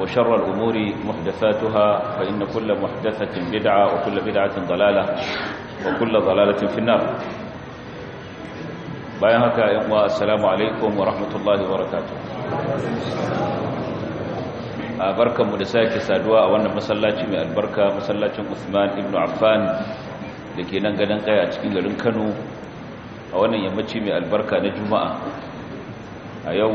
وشر الأمور محدثاتها فإن كل محدثة بدعة وكل بدعة ضلالة وكل ضلالة في النار bayan haka yan uwa assalamu alaikum wa rahmatullahi wa barakatuh barkanmu da sake saduwa a wannan masallaci mai albarka masallacin Uthman ibn Affan ke nan gadan kai a cikin garin Kano a wannan yammaci mai albarka na Juma'a a yau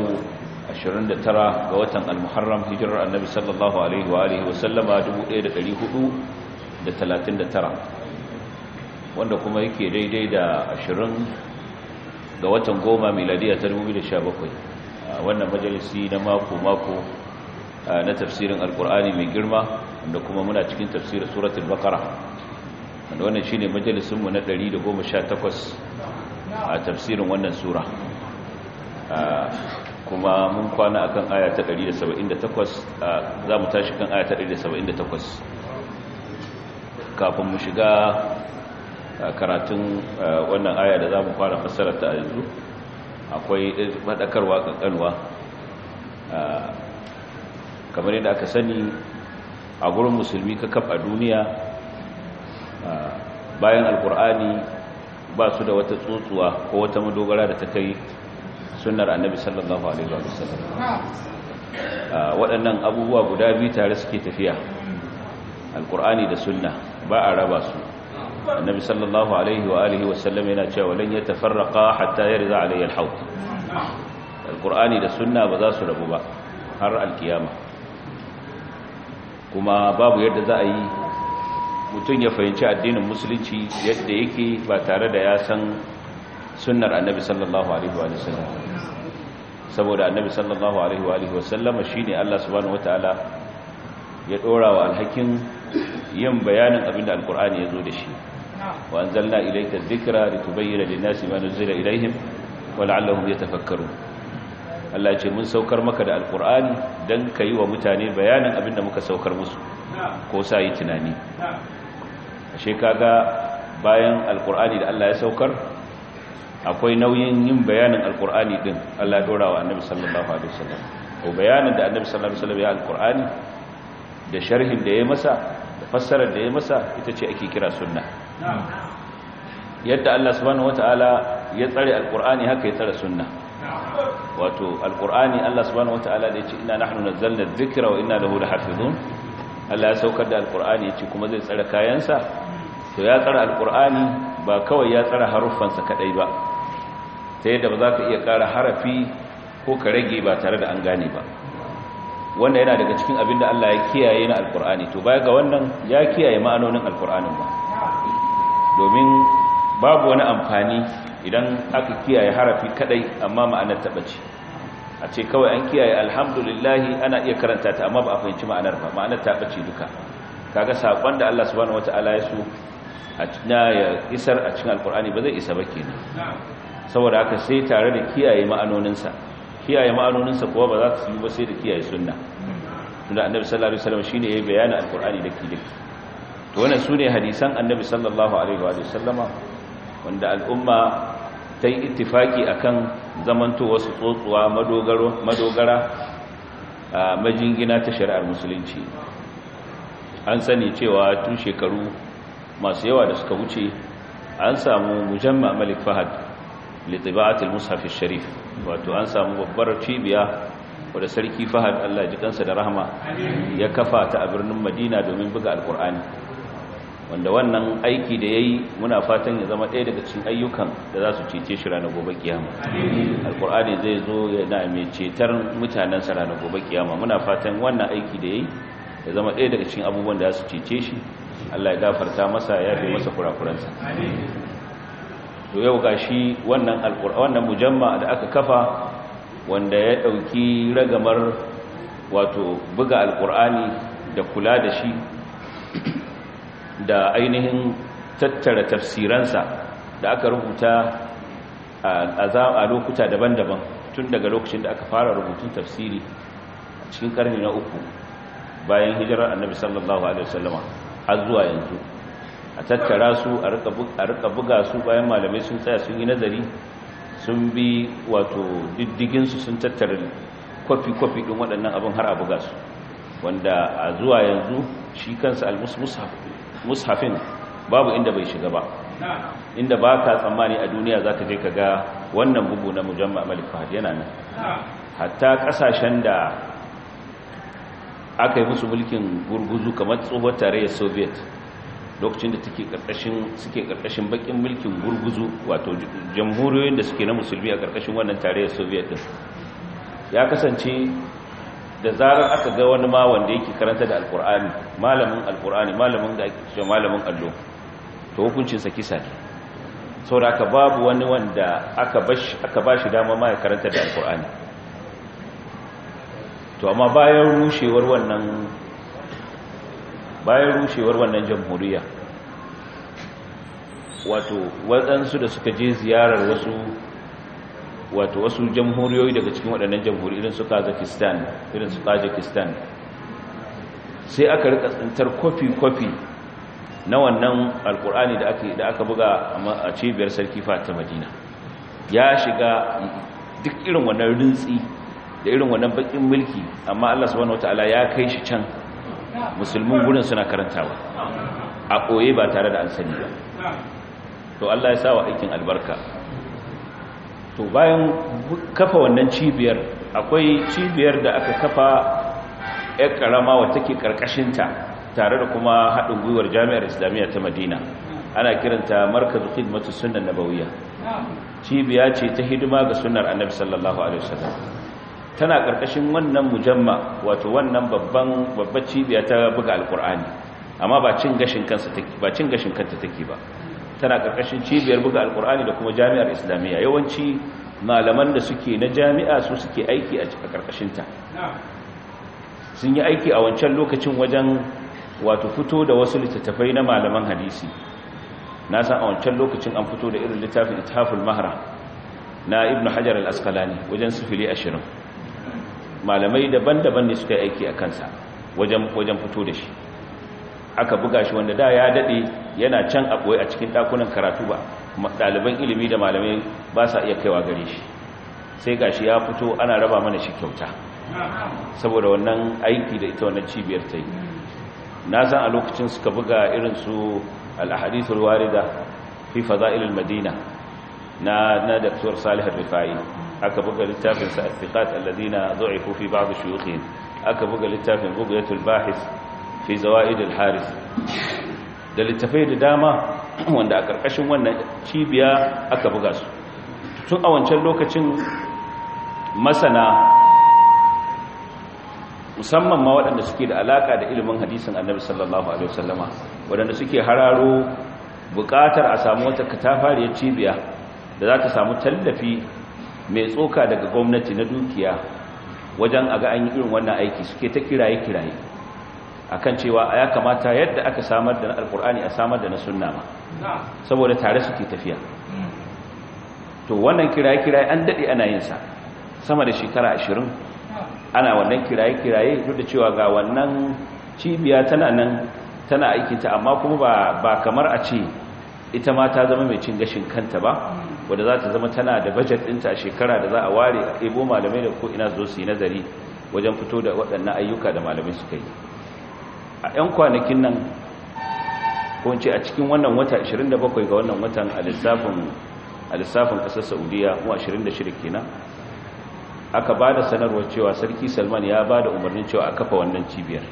29 ga watan al-muharram hijirar annabi sallallahu alaihi wa alihi wa sallama 1439 wanda kuma yake daidai da 20 ga watan goma miladiya ta 2017 wannan majalisi na mako mako na tafsirin alkur'ani mai girma wanda kuma muna cikin tafsirin suratul baqara wanda wannan shine majalisin mu na 118 a tafsirin wannan sura kuma mun kwana kan aya ta 178 za mu tashi kan aya 178 kafin mu shiga karatun wannan aya da za mu fara fassarar ta yanzu akwai maɗakarwa ƙanƙanwa kamar yadda aka sani a gurin musulmi ka kaf a duniya bayan alkur'ani ba su da wata tsotsuwa ko wata madogara da ta kai sunnar annabi sallallahu alaihi wasallam ah, waɗannan abubuwa guda biyu tare suke tafiya alqur'ani da sunna ba a raba su annabi sallallahu alaihi wa alihi wasallam yana cewa lan yatafarraqa hatta yarza alayhi alhawd alqur'ani da sunna ba za su rabu ba har alkiyama kuma babu yadda za a yi mutum ya fahimci addinin musulunci yadda yake ba tare da ya san sunnar annabi sallallahu alaihi wa sallam saboda annabi sallallahu alaihi wa alihi wasallama shine Allah subhanahu wataala ya dora wa alhakin yin bayanin abinda alqur'ani yazo da shi wa anzalna ilayka dhikra litubayyana lin-nasi ma nuzila ilayhim wa la'allahum yatafakkarun Allah ce mun saukar maka da alqur'ani dan kai wa mutane bayanin abinda muka saukar musu ko sa yi tunani ashe kaga bayan alqur'ani da Allah ya saukar akwai nauyin yin bayanin alkur'ani din Allah ya dora wa annabi sallallahu alaihi wasallam ko bayanin da annabi sallallahu alaihi wasallam ya alkur'ani da sharhin da ya masa da fassarar da ya masa ita ce ake kira sunna yadda Allah subhanahu wataala ya tsare alkur'ani haka ya tsare sunna wato alkur'ani Allah subhanahu wataala da yace inna nahnu nazzalna dhikra wa inna lahu lahafizun Allah ya saukar da alkur'ani yace kuma zai tsare kayansa to ya tsare alkur'ani ba kawai ya tsare haruffansa kadai ba ta yadda ba za ka iya ƙara harafi ko ka rage ba tare da an gane ba wanda yana daga cikin abin da Allah ya kiyaye na alkur'ani to baya ga wannan ya kiyaye ma'anonin alkur'anin ba domin babu wani amfani idan aka kiyaye harafi kadai amma ma'anar ta bace a ce kawai an kiyaye lillahi ana iya karanta ta amma ba a fahimci ma'anar ba ma'anar ta bace duka kaga sakon da Allah subhanahu wataala ya so a ya isar a cikin alkur'ani ba zai isa ba kenan saboda haka sai tare da kiyaye ma'anoninsa kiyaye ma'anoninsa kuwa ba za ta yi ba sai da kiyaye sunna tunda annabi sallallahu alaihi wasallam shine yayi bayanin alqur'ani da kidi to wannan sune hadisan annabi sallallahu alaihi wa sallama wanda al'umma ta yi ittifaki akan zamanto wasu tsotsuwa madogaro madogara a majingina ta shari'ar musulunci an sani cewa tun shekaru masu yawa da suka wuce an samu mujamma malik fahad litiba'atul mushaf sharif wato an samu babbar cibiya wadda sarki Fahad Allah ji kansa da rahama ya kafa ta a birnin Madina domin buga alkur'ani wanda wannan aiki da yayi muna fatan ya zama ɗaya daga cikin ayyukan da za su cece shi ranar gobe kiyama alqur'ani zai zo yana mai cetar mutanen sa ranar gobe kiyama muna fatan wannan aiki da yayi ya zama ɗaya daga cikin abubuwan da za su cece shi Allah ya gafarta masa ya bi masa kurakuransa to yau shi wannan alqur'ani wannan mujamma da aka kafa wanda ya ɗauki ragamar wato buga alqur'ani da kula da shi da ainihin tattara tafsiransa da aka rubuta a lokuta daban-daban tun daga lokacin da aka fara rubutun tafsiri cikin karni na uku bayan hijirar annabi sallallahu alaihi wasallama har zuwa yanzu a tattara su a rika buga su bayan malamai sun tsaya sun yi nazari sun bi wato diddiginsu sun tattara kwafi-kwafi ɗin waɗannan abin har a buga su wanda a zuwa yanzu shi kansa al-mushafin babu inda bai shiga ba inda ba ka tsammani a duniya za ka je ka ga wannan bugu na mujamma malik fahad yana nan hatta kasashen da aka yi musu mulkin gurguzu kamar tsohuwar tarayyar soviet lokacin da take karkashin suke karkashin bakin mulkin gurguzu wato jamhuriyoyin da suke na musulmi a karkashin wannan tarayyar soviet din ya kasance da zarar aka ga wani ma wanda yake karanta da alkur'ani malamin alkur'ani malamin da ake malamin allo to hukuncin sa kisa ne saboda haka babu wani wanda aka bashi aka bashi dama ma ya karanta da alkur'ani to amma bayan rushewar wannan bayan rushewar wannan jamhuriya wato waɗansu da suka je ziyarar wasu wato wasu jamhuriyoyi daga cikin waɗannan jamhuri irin su kazakistan irin su kazakistan sai aka rika tsintar kofi-kofi na wannan alkur'ani da aka buga a cibiyar sarki fata madina ya shiga duk irin wannan rintsi da irin wannan bakin mulki amma allah subhanahu wataala ya kai shi can musulmin gurin suna karantawa a koye ba tare da an sani ba to Allah ya wa aikin albarka to bayan kafa wannan cibiyar akwai cibiyar da aka kafa ya karama wata ke karkashinta tare da kuma haɗin gwiwar jami'ar islamiyya ta madina ana kiranta markazu khidmatu sunan nabawiyya cibiya ce ta hidima ga sunnar annabi sallallahu alaihi wasallam tana ƙarƙashin wannan mujamma wato wannan babban babbar cibiya ta buga alkur'ani amma ba cin gashin kanta take ba tana ƙarƙashin cibiyar buga alkur'ani da kuma jami'ar islamiyya yawanci malaman da suke na jami'a su suke aiki a ƙarƙashinta. sun yi aiki a wancan lokacin wajen wato fito da wasu littattafai na malaman hadisi na san a wancan lokacin an fito da irin littafin ithaful mahra na ibnu hajar al-asqalani wajen sifili ashirin malamai daban-daban ne suka aiki a kansa wajen fito da shi aka buga shi wanda da ya daɗe yana can a boye a cikin ɗakunan karatu ba ɗaliban ilimi da malamai ba sa iya kaiwa gare shi sai gashi ya fito ana raba mana shi kyauta saboda wannan aiki da ita wannan cibiyar ta yi na san a lokacin suka buga irin su al warida fi fada ilil madina na daktar Salihar Salih aka buga littafin sa athiqat alladhina du'ifu fi ba'd shuyukhihim aka buga littafin bughyatul bahis fi zawaid al-haris da littafai da dama wanda a karkashin wannan cibiya aka buga su tun a wancan lokacin masana musamman ma waɗanda suke da alaka da ilimin hadisin annabi sallallahu alaihi wasallama waɗanda suke hararo buƙatar a samu wata katafariyar cibiya da za ta samu tallafi mai tsoka daga gwamnati na dukiya wajen a ga an irin wannan aiki suke ta kiraye-kiraye a kan cewa ya kamata yadda aka samar da na alkur'ani a samar da na sunna ma saboda tare suke tafiya to wannan kiraye-kiraye an daɗe ana yin sa sama da shekara ashirin ana wannan kiraye-kiraye duk da cewa ga wannan cibiya tana nan tana aikinta amma kuma ba kamar a ce ita ma ta zama mai cin gashin kanta ba wadda za ta zama tana da bajet ɗinta a shekara da za a ware a ɗebo malamai da ko ina zo su yi nazari wajen fito da waɗannan ayyuka da malamai suka yi a 'yan kwanakin nan ko ce a cikin wannan wata 27 ga wannan watan a lissafin ƙasar saudiya mu 26 kenan aka ba da sanarwar cewa sarki salman ya ba da umarnin cewa a kafa wannan cibiyar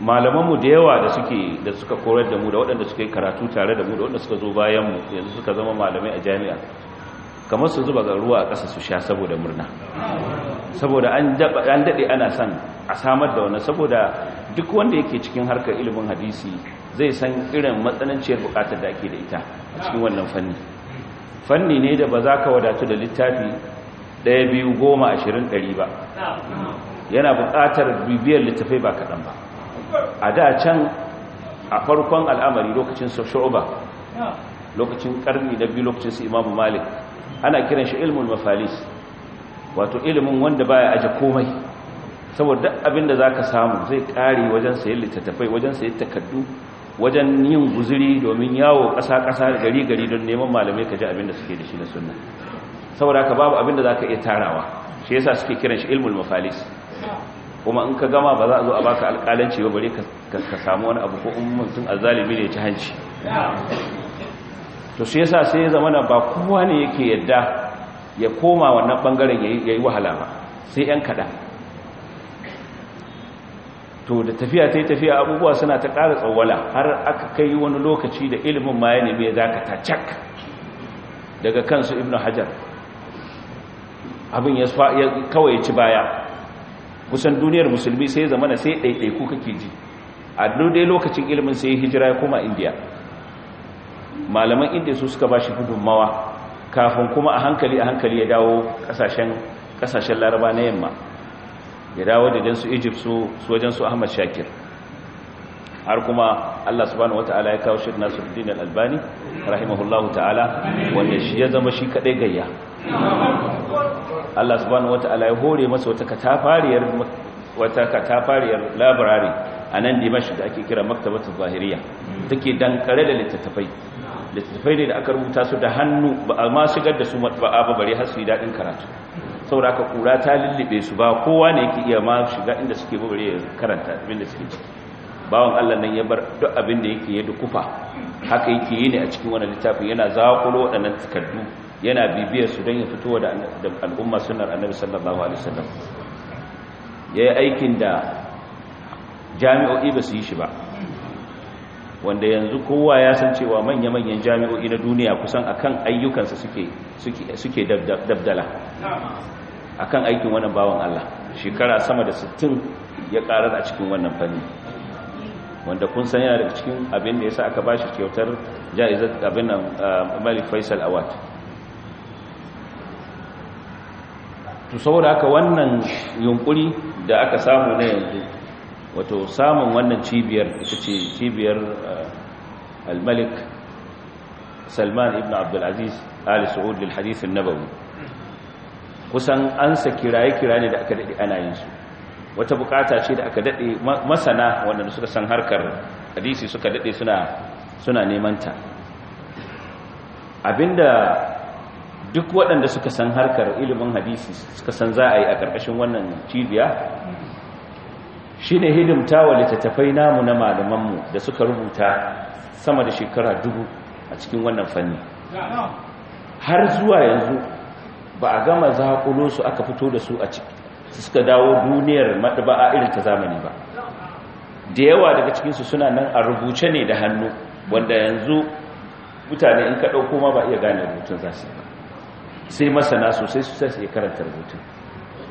malamanmu da yawa da suke da suka korar da mu da waɗanda suka yi karatu tare da mu da waɗanda suka zo bayanmu yanzu suka zama malamai a jami'a kamar su zuba ga ruwa a ƙasa su sha saboda murna saboda an daɗe ana son a samar da wani saboda duk wanda yake cikin harkar ilimin hadisi zai san irin matsananciyar buƙatar da ake da ita a cikin wannan fanni fanni ne da ba za ka wadatu da littafi ɗaya biyu goma ashirin ɗari ba yana buƙatar bibiyar littafai ba kaɗan ba a da can a farkon al'amari lokacin shu'uba lokacin karni da biyu lokacin su imamu malik ana kiran shi ilmul mafalis wato ilimin wanda baya aje komai saboda za ka samu zai kare wajen sayan littattafai wajen sayan takaddu wajen yin guzuri domin yawo ƙasa-ƙasa gari gari don neman malamai ka ji abin da suke da shi na sunna saboda haka babu abin da za ka iya tarawa shi yasa suke kiran shi ilmul mafalis kuma in ka gama ba za a zo a baka alƙalanci ba bare ka samu wani abu ko in mutum azalimi ne ci hanci to shi yasa sai ya zama ba kowa ne yake yadda ya koma wannan bangaren ya yi wahala ba sai 'yan kaɗan to da tafiya ta tafiya abubuwa suna ta ƙara tsawwala har aka kai wani lokaci da ilimin ma ya nemi ya dakata cak daga kansu ibnu hajar abin ya kawai ci baya kusan duniyar musulmi sai na sai ɗaiɗaiku kake ji a dai lokacin ilimin sai hijira ya koma indiya malaman indiya su suka ba shi gudunmawa kafin kuma a hankali a hankali ya dawo ƙasashen laraba na yamma ya dawo da jansu egypt su wajen su ahmad shakir har kuma Allah subhanahu wataala ya kawo Sheikh Nasiruddin Al-Albani rahimahullahu ta'ala wanda shi ya zama shi kadai gayya Allah subhanahu wataala ya hore masa wata katafariyar wata katafariyar library a nan Dimash da ake kira Maktabatul Zahiriya take dankare da littattafai littattafai ne da aka rubuta su da hannu ba a ma shigar da su matba'a a bari har su yi dadin karatu saboda aka kura ta lullube su ba kowa ne yake iya ma shiga inda suke ba ya karanta abin suke ciki bawan Allah nan ya bar duk abin da yake ya kufa, haka yake yi ne a cikin wani littafin yana zaƙulo waɗannan takardu yana bibiyar su don ya fito da al'umma sunar annabi sallallahu alaihi wasallam yayi aikin da jami'o'i ba su yi shi ba wanda yanzu kowa ya san cewa manya-manyan jami'o'i na duniya kusan akan ayyukansa suke suke dabdala akan aikin wannan bawan Allah shekara sama da 60 ya ƙarar a cikin wannan fanni wanda kun san yana daga cikin abin da ya sa aka ba shi kyautar ja'izar abin nan ah, malik faisal awad to saboda haka wannan yunkuri da aka samu na yanzu wato samun wannan cibiyar ita ce cibiyar ah, al-malik salman ibn abdulaziz ali saud lil hadith an-nabawi kusan an sa kiraye kiraye da aka dade ana yin su wata bukata ce da aka dade masana wanda suka san harkar hadisi suka dade suna suna neman ta abinda duk waɗanda suka san harkar ilimin hadisi suka san za a yi a ƙarƙashin wannan cibiya shine hidimta wa littattafai namu na malamanmu da suka rubuta sama da shekara dubu a cikin wannan fanni har zuwa yanzu ba a gama zaƙulo su aka fito da su a ciki suka dawo duniyar maɗaba'a irin ta zamani ba da yawa daga cikinsu suna nan a rubuce ne da hannu wanda yanzu mutane in kaɗau koma ba iya gane rubutun za su ba. sai masana sosai su sai su iya karanta rubutun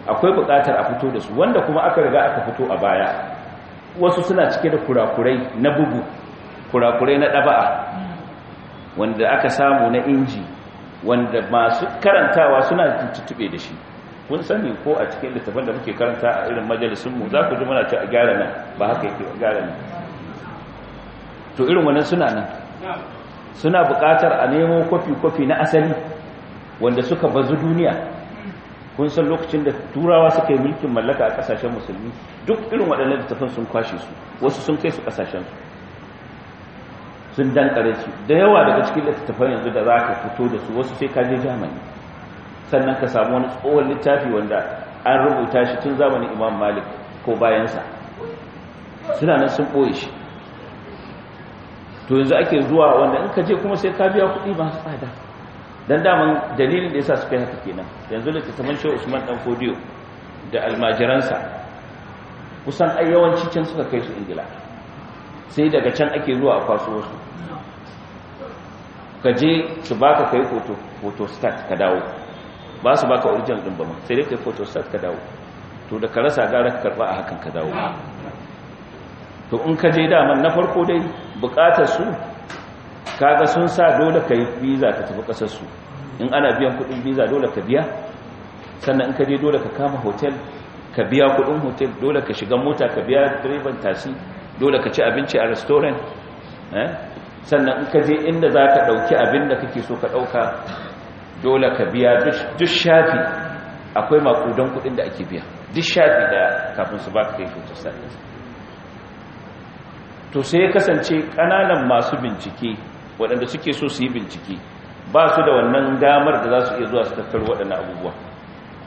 akwai buƙatar a fito da su wanda kuma aka riga aka fito a baya wasu suna cike da kurakurai na bugu kurakurai na ɗaba'a wanda aka samu na inji wanda masu karantawa suna tuttuɓe da shi kun sani ko a cikin littafin da muke karanta a irin majalisunmu za ku ji muna a gyara nan ba haka yake gyara nan to irin wannan suna nan suna buƙatar a nemo kwafi-kwafi na asali wanda suka bazu duniya kun san lokacin da turawa suka yi mulkin mallaka a ƙasashen musulmi duk irin waɗannan littafin sun kwashe su wasu sun kai su su? sun dankare su da yawa daga cikin littattafan yanzu da za ka fito da su wasu sai ka je jamani sannan ka samu wani tsohon littafi wanda an rubuta shi tun zamanin imam malik ko bayansa suna nan sun ɓoye shi to yanzu ake zuwa wanda in ka je kuma sai ka biya kuɗi masu tsada don daman dalilin da ya sa su kai haka kenan yanzu da tattaman shi usman dan fodiyo da almajiransa kusan ai yawanci can suka kai su ingila sai daga can ake zuwa a kwaso wasu ka je su baka kai start ka dawo ba su baka original din ba ma sai dai kai photostat ka dawo to da ka rasa gara ka karba a hakan ka dawo to in ka je dama na farko dai bukatar su kaga sun sa dole ka visa ka tafi kasar su in ana biyan kudin visa dole ka biya sannan in ka je dole ka kama hotel ka biya kudin hotel dole ka shiga mota ka biya direban tasi dole ka ci abinci a restaurant eh? sannan in ka je inda za ka ɗauki abin da kake so ka ɗauka dole ka biya duk shafi akwai makudan kudin da ake biya duk shafi da kafin su baka kai kyautar sadaka to sai ya kasance kananan masu bincike waɗanda suke so su yi bincike ba su da wannan damar da za su iya zuwa su tattar waɗannan abubuwa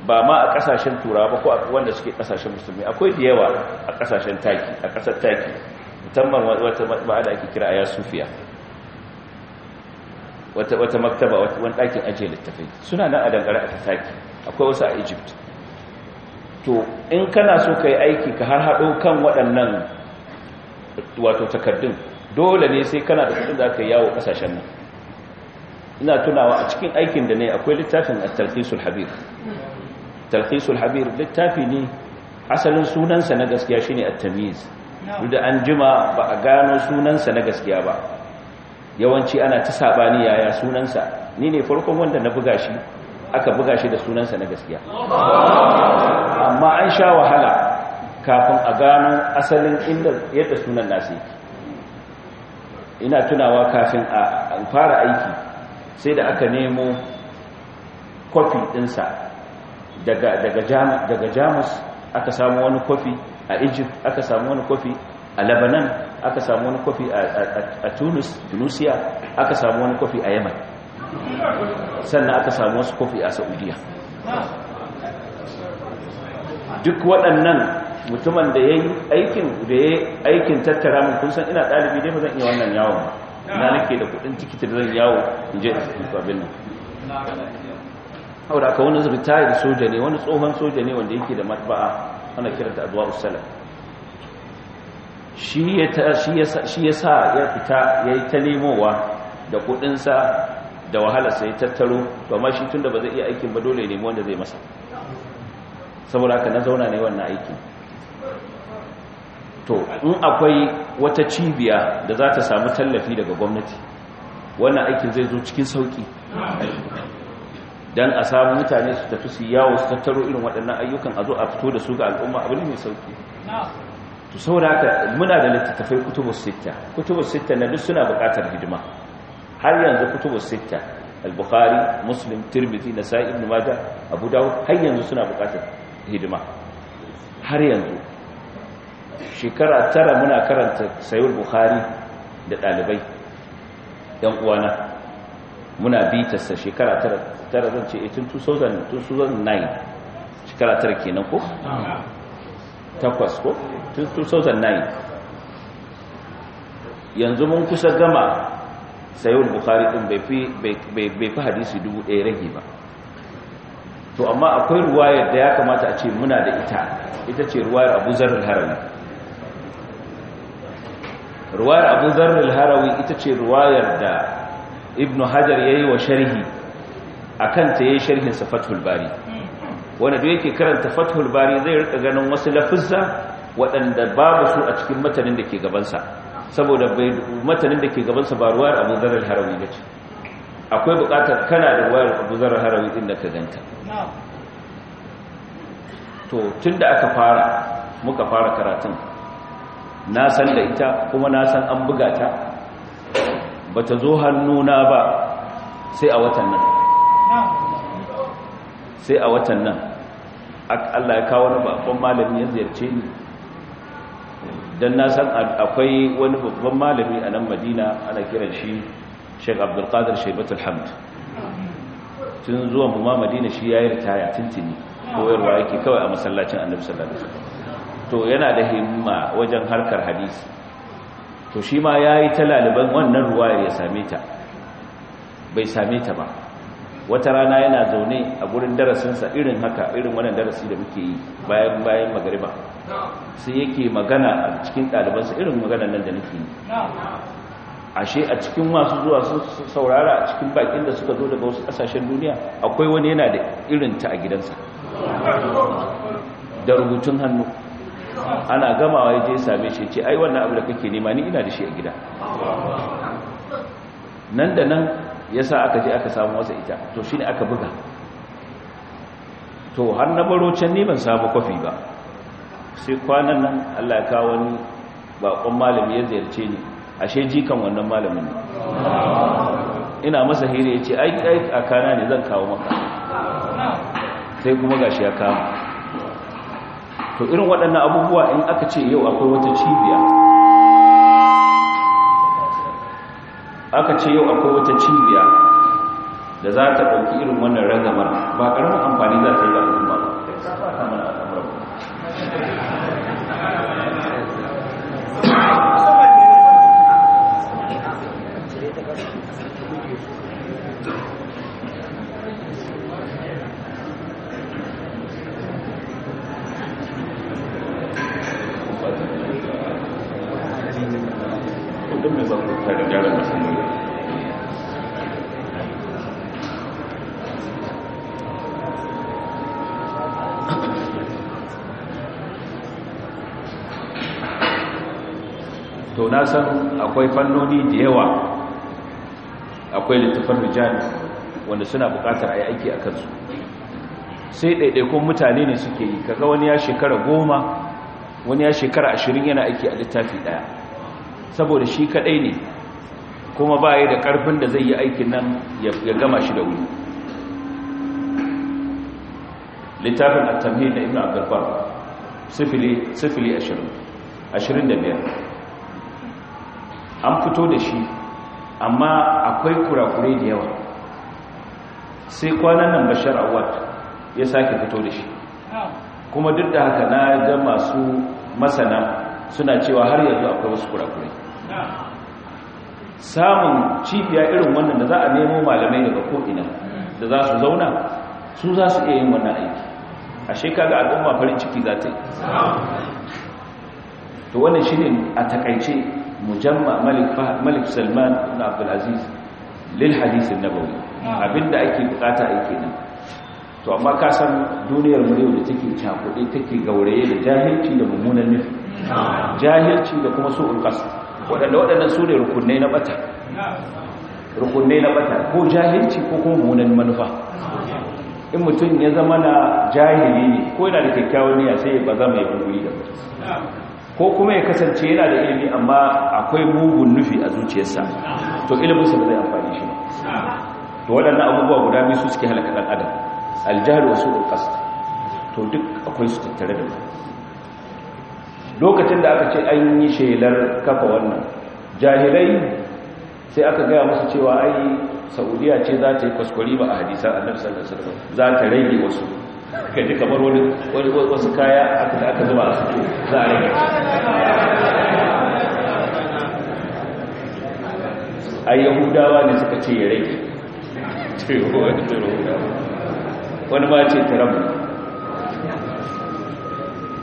ba ma a ƙasashen turawa ba ko wanda suke ƙasashen musulmi akwai da yawa a ƙasashen taki a ƙasar taki musamman wata da ake kira a yasufiya wata wata maktaba wani ɗakin ajiye littafai suna nan a dangare a fataki akwai wasu a egypt to in kana so ka yi aiki ka har haɗo kan waɗannan wato takardun dole ne sai kana da kuɗin da aka yawo ƙasashen nan ina tunawa a cikin aikin da ne akwai littafin talhisul habir talhisul habir littafi ne asalin sunansa na gaskiya shine at-tamyiz duk da an jima ba a gano sunansa na gaskiya ba yawanci ana ta sabani yaya sunansa ni ne farkon wanda na buga shi aka buga shi da sunansa na gaskiya amma an sha wahala kafin a gano asalin inda yadda sunan nasi ina tunawa kafin a fara aiki sai da aka nemo kofi ɗinsa daga jamus aka samu wani kwafi a egypt aka samu wani kwafi a lebanon aka samu wani kofi a tunis tunisia aka samu wani kofi a yaman sannan aka samu wasu kofi a saudiya duk waɗannan mutumin da ya yi aikin tattara mun kun san ina ɗalibi dai ba zan iya wannan yawon na nake da kuɗin tikiti da zan yawo in je a abin nan haura ka wani soja ne wani tsohon soja ne wanda yake da matba'a ana kiranta zuwa usalam shi ya sa ya fita ya yi ta nemowa da kudinsa da wahala ya tattaro amma shi tun ba zai iya aikin ba dole nemi wanda zai masa saboda haka na zauna ne wannan aikin to in akwai wata cibiya da za ta samu tallafi daga gwamnati wannan aikin zai zo cikin sauki dan a samu mutane su tafi su yawo su tattaro irin waɗannan ayyukan a zo a fito da su ga al'umma abu ne mai sauki to saboda haka muna da littattafai kutubus sitta kutubus sitta na duk suna buƙatar hidima har yanzu kutubus sitta al-bukhari muslim tirmidhi nasa'i ibn majah abu dawud har yanzu suna buƙatar hidima har yanzu shekara tara muna karanta sayyid bukhari da dalibai yan uwana muna sa shekara tara tara zan ce 2009 eh, shekara tara kenan ko 2008 ko 2009 yanzu mun kusa gama sayo bukhari din bai fi hadisi dubu ɗaya rage ba to amma akwai ruwayar da ya kamata a ce muna da ita ita ce ruwayar abu zarar harawi ruwayar abu zarar harawi ita ce ruwayar da ibnu hajar ya yi wa sharhi a kanta ya yi sharhin safatul bari wanda da yake karanta fathul bari zai rika ganin wasu lafizza waɗanda babu su a cikin matanin da ke gabansa saboda matanin da ke gabansa ba ruwayar abu zarar harawi ba ce akwai buƙatar kana da ruwayar abu zarar harawi inda ka ganta to tun da aka fara muka fara karatun na san da ita kuma na san an buga ta ba ta zo hannuna ba sai a watan nan sai a watan nan Allah ya kawo wani babban malami ya ziyarce ni dan na san akwai wani babban malami a nan Madina ana kiran shi Sheikh Abdul Qadir Shaybat Alhamd tun zuwa mu ma Madina shi yayi ritaya tintini koyarwa yake kawai a masallacin Annabi sallallahu alaihi to yana da himma wajen harkar hadisi to shi ma yayi ta laliban wannan ruwaya ya same ta bai same ta ba wata rana yana zaune a gurin darasinsa irin haka irin wannan darasi da muke yi bayan bayan magariba sai yake magana a cikin ɗalibansa irin magana nan da nake yi ashe a cikin masu zuwa sun saurara a cikin bakin da suka zo daga wasu ƙasashen duniya akwai wani yana da irin ta a gidansa da rubutun hannu ana gamawa ya je same shi ce ai wannan abu da kake nema ni ina da shi a gida nan da nan yasa aka je aka samu masa ita to shine aka buga to har na baro can ne ban samu kwafi ba sai kwanan nan Allah ya kawo wani bakon malami ya ziyarce ni ashe jikan wannan malamin ne ina masa hira yace ai ai a kana ne zan kawo maka sai kuma gashi ya kawo to irin waɗannan abubuwa in aka ce yau akwai wata cibiya aka ce yau akwai wata cibiya da za ta ɗauki irin wannan ragamar ba ƙaramin amfani za ta yi ba na akwai fannoni da yawa akwai littafan rijal wanda suna bukatar a yi aiki a kansu sai ɗaiɗaikun mutane ne suke yi kaga wani ya shekara goma wani ya shekara ashirin yana aiki a littafi ɗaya saboda shi kaɗai ne kuma ba da ƙarfin da zai yi aikin nan ya gama shi da wuri littafin a tamhid na ibn abdulbar sifili ashirin ashirin da biyar an fito da shi amma akwai kurakure da yawa sai kwanan nan bashar awad ya sake fito da shi kuma duk da haka na ga masu masana suna cewa har yanzu akwai wasu kura-kure. samun cibiya irin wannan da za a nemo malamai daga ko'ina da za su zauna su za su iya yin wannan aiki a ga al'umma farin ciki za ta yi to wannan shi ne a takaice mujamma malik salman na abdulaziz lil hadisin nabawi abinda ake bukata ake nan to amma ka san duniyar mu yau da take cakuɗe take gauraye da jahilci da mummunan nufi jahilci da kuma su'ul qasd wadanda wadannan su ne rukunai na bata rukunai na bata ko jahilci ko kuma mummunan manufa in mutum ya zama na jahili ne ko yana da kyakkyawan niyya sai ba za mai guri da mutum ko kuma ya kasance yana da ilimi amma akwai mugun nufi a zuciyarsa to iliminsa ba zai amfani shi ba to waɗannan abubuwa guda biyu su suke halaka ɗan adam aljihar wasu ƙasar to duk akwai su tattare da lokacin da aka ce an yi shelar kafa wannan jahilai sai aka gaya musu cewa ai saudiya ce za ta yi kwaskwari ba a hadisan annabi sallallahu alaihi wasallam za ta rage wasu ka ji kamar wani wasu kaya aka aka zuba su za a rage a yahudawa ne suka ce ya rage wani ma ce tarabu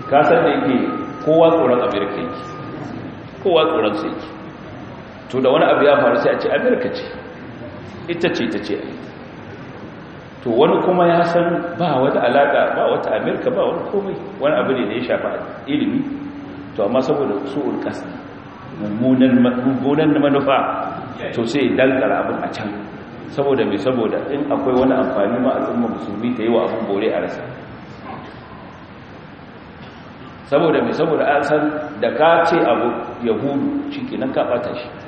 kasar da yake kowa tsoron amerika yake kowa tsoron su yake to da wani abu ya faru sai a ce amerika ce ita ce ita ce to wani kuma ya san ba wata alaƙa ba wata amerika ba wani komai wani abu ne da ya shafa ilimi to amma saboda su'ul ƙasa mummunan manufa to sai dangara abin a can saboda mai saboda in akwai wani amfani ma al'umma musulmi ta yi wa abin bore a rasa saboda mai saboda an san da ka ce abu yahudu shi ke nan ka bata shi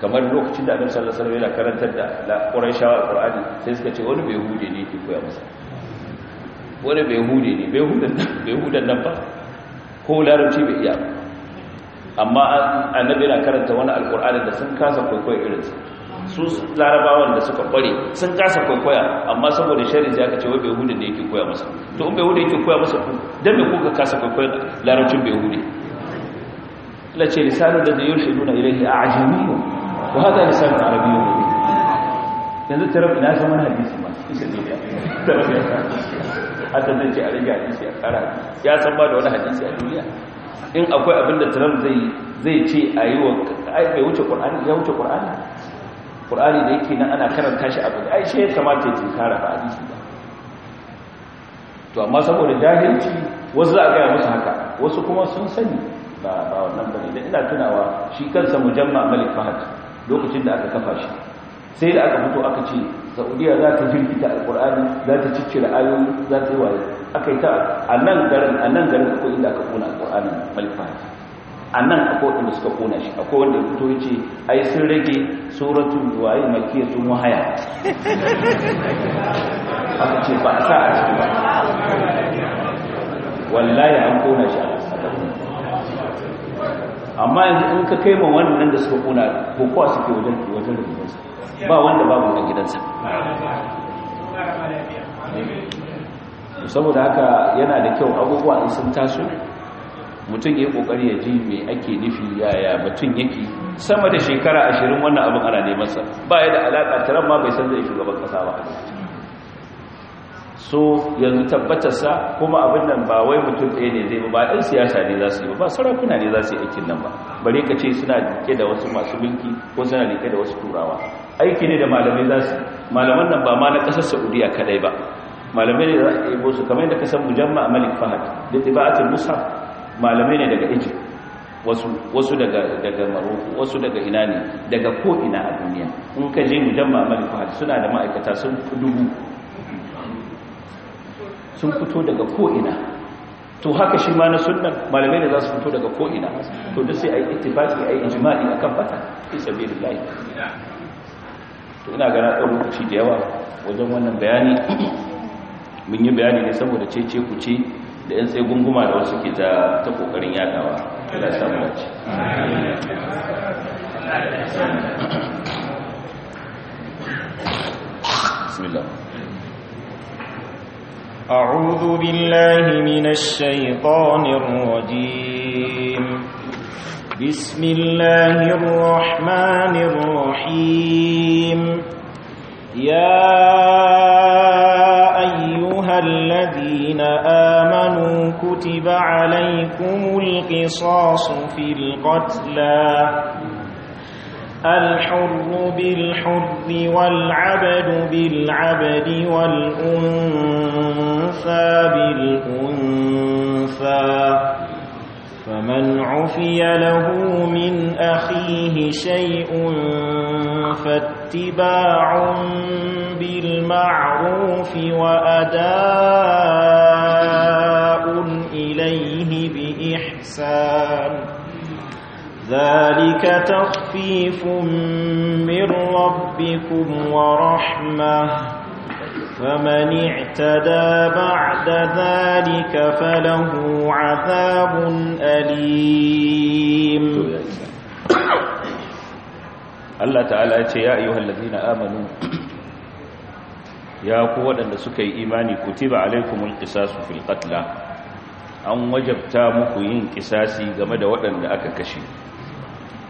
kamar lokacin da annabi sallallahu alaihi wasallam yana karantar da quraishawa alqur'ani sai suka ce wani bai hude ne yake koya musu wani bai hude ne bai hudan bai hudan nan ba ko larabci bai iya amma annabi yana karanta wani alqur'ani da sun kasa kwaikwayo irin su larabawan da suka bare sun kasa kwaikwaya amma saboda sharri zai ka ce wani bai hude ne yake koya musu to in bai hude yake koya musu dan me kuka kasa kwaikwayo larabcin bai hude lace lisanu da yushiduna ilayhi a'jamiyun wa hada lisan arabiy ne yanzu tarab na san wani hadisi ma isa ne da tarab ya hatta zan ce a rage hadisi a kara ya san ba da wani hadisi a duniya in akwai abin da tarab zai ce a yi wa wuce qur'ani ya wuce qur'ani qur'ani da yake nan ana karanta shi abin ai shi ya kamata ya tinkara ba hadisi ba to amma saboda jahilci wasu za a gaya musu haka wasu kuma sun sani ba wannan bane da ina tunawa shi kansa mujamma malik fahad lokacin da aka kafa shi sai da aka fito aka ce saudiya za ta jirgita alkur'ani za ta ciccire ayoyi za ta yi wa aka yi ta a nan garin a nan garin akwai inda aka kona alkur'ani malfahari a nan akwai inda suka kona shi akwai wanda ya fito ya ce ai sun rage suratun waye makiya tun wahaya aka ce ba a sa a ciki ba wallahi an kona shi a amma yanzu in ka kai ma wannan da suka kuna ko suke wajen wajen gidansa ba wanda babu a gidansa saboda haka yana da kyau abubuwa in sun taso mutum ya kokari ya ji mai ake nufi yaya mutum yake sama da shekara ashirin wannan abin ana neman sa ba ya da alaka taron ma bai san zai shugaban kasa ba so yanzu tabbatarsa kuma abin nan ba wai mutum ɗaya ne zai ba ɗan siyasa ne za su yi ba sarakuna ne za su yi aikin nan ba bare ka ce suna rike da wasu masu mulki ko suna rike da wasu turawa aiki ne da malamai za su malaman nan ba ma na ƙasar saudiya kaɗai ba malamai ne za su yi su kamar yadda kasar mujamma malik fahad da ɗiba'atul musa malamai ne daga egypt wasu wasu daga daga maroko wasu daga ina ne daga ko ina a duniya in ka je mujamma malik fahad suna da ma'aikata sun dubu sun fito daga ko'ina to haka shi ma na sunan malamai da za su fito daga ko'ina to da sai a yi itifaki a yi jima'i a kan fata isa da to ina gana ɗan lokaci da yawa wajen wannan bayani mun yi bayani ne saboda ce-ce ku ce da yan tsaye gunguma da wasu ke ta ƙoƙarin yadawa da samu wace أعوذ بالله من الشيطان الرجيم بسم الله الرحمن الرحيم يا أيها الذين آمنوا كتب عليكم القصاص في القتلى الحر بالحر والعبد بالعبد والأنثى بالأنثى فمن عفي له من أخيه شيء فاتباع بالمعروف وأداء إليه بإحسان ذلك تخفيف من ربكم ورحمة فمن اعتدى بعد ذلك فله عذاب أليم الله تعالى يا أيها الذين آمنوا ya ku waɗanda suka yi imani ku alaikumul qisasu fil qatla an wajabta muku yin kisasi game da waɗanda aka kashe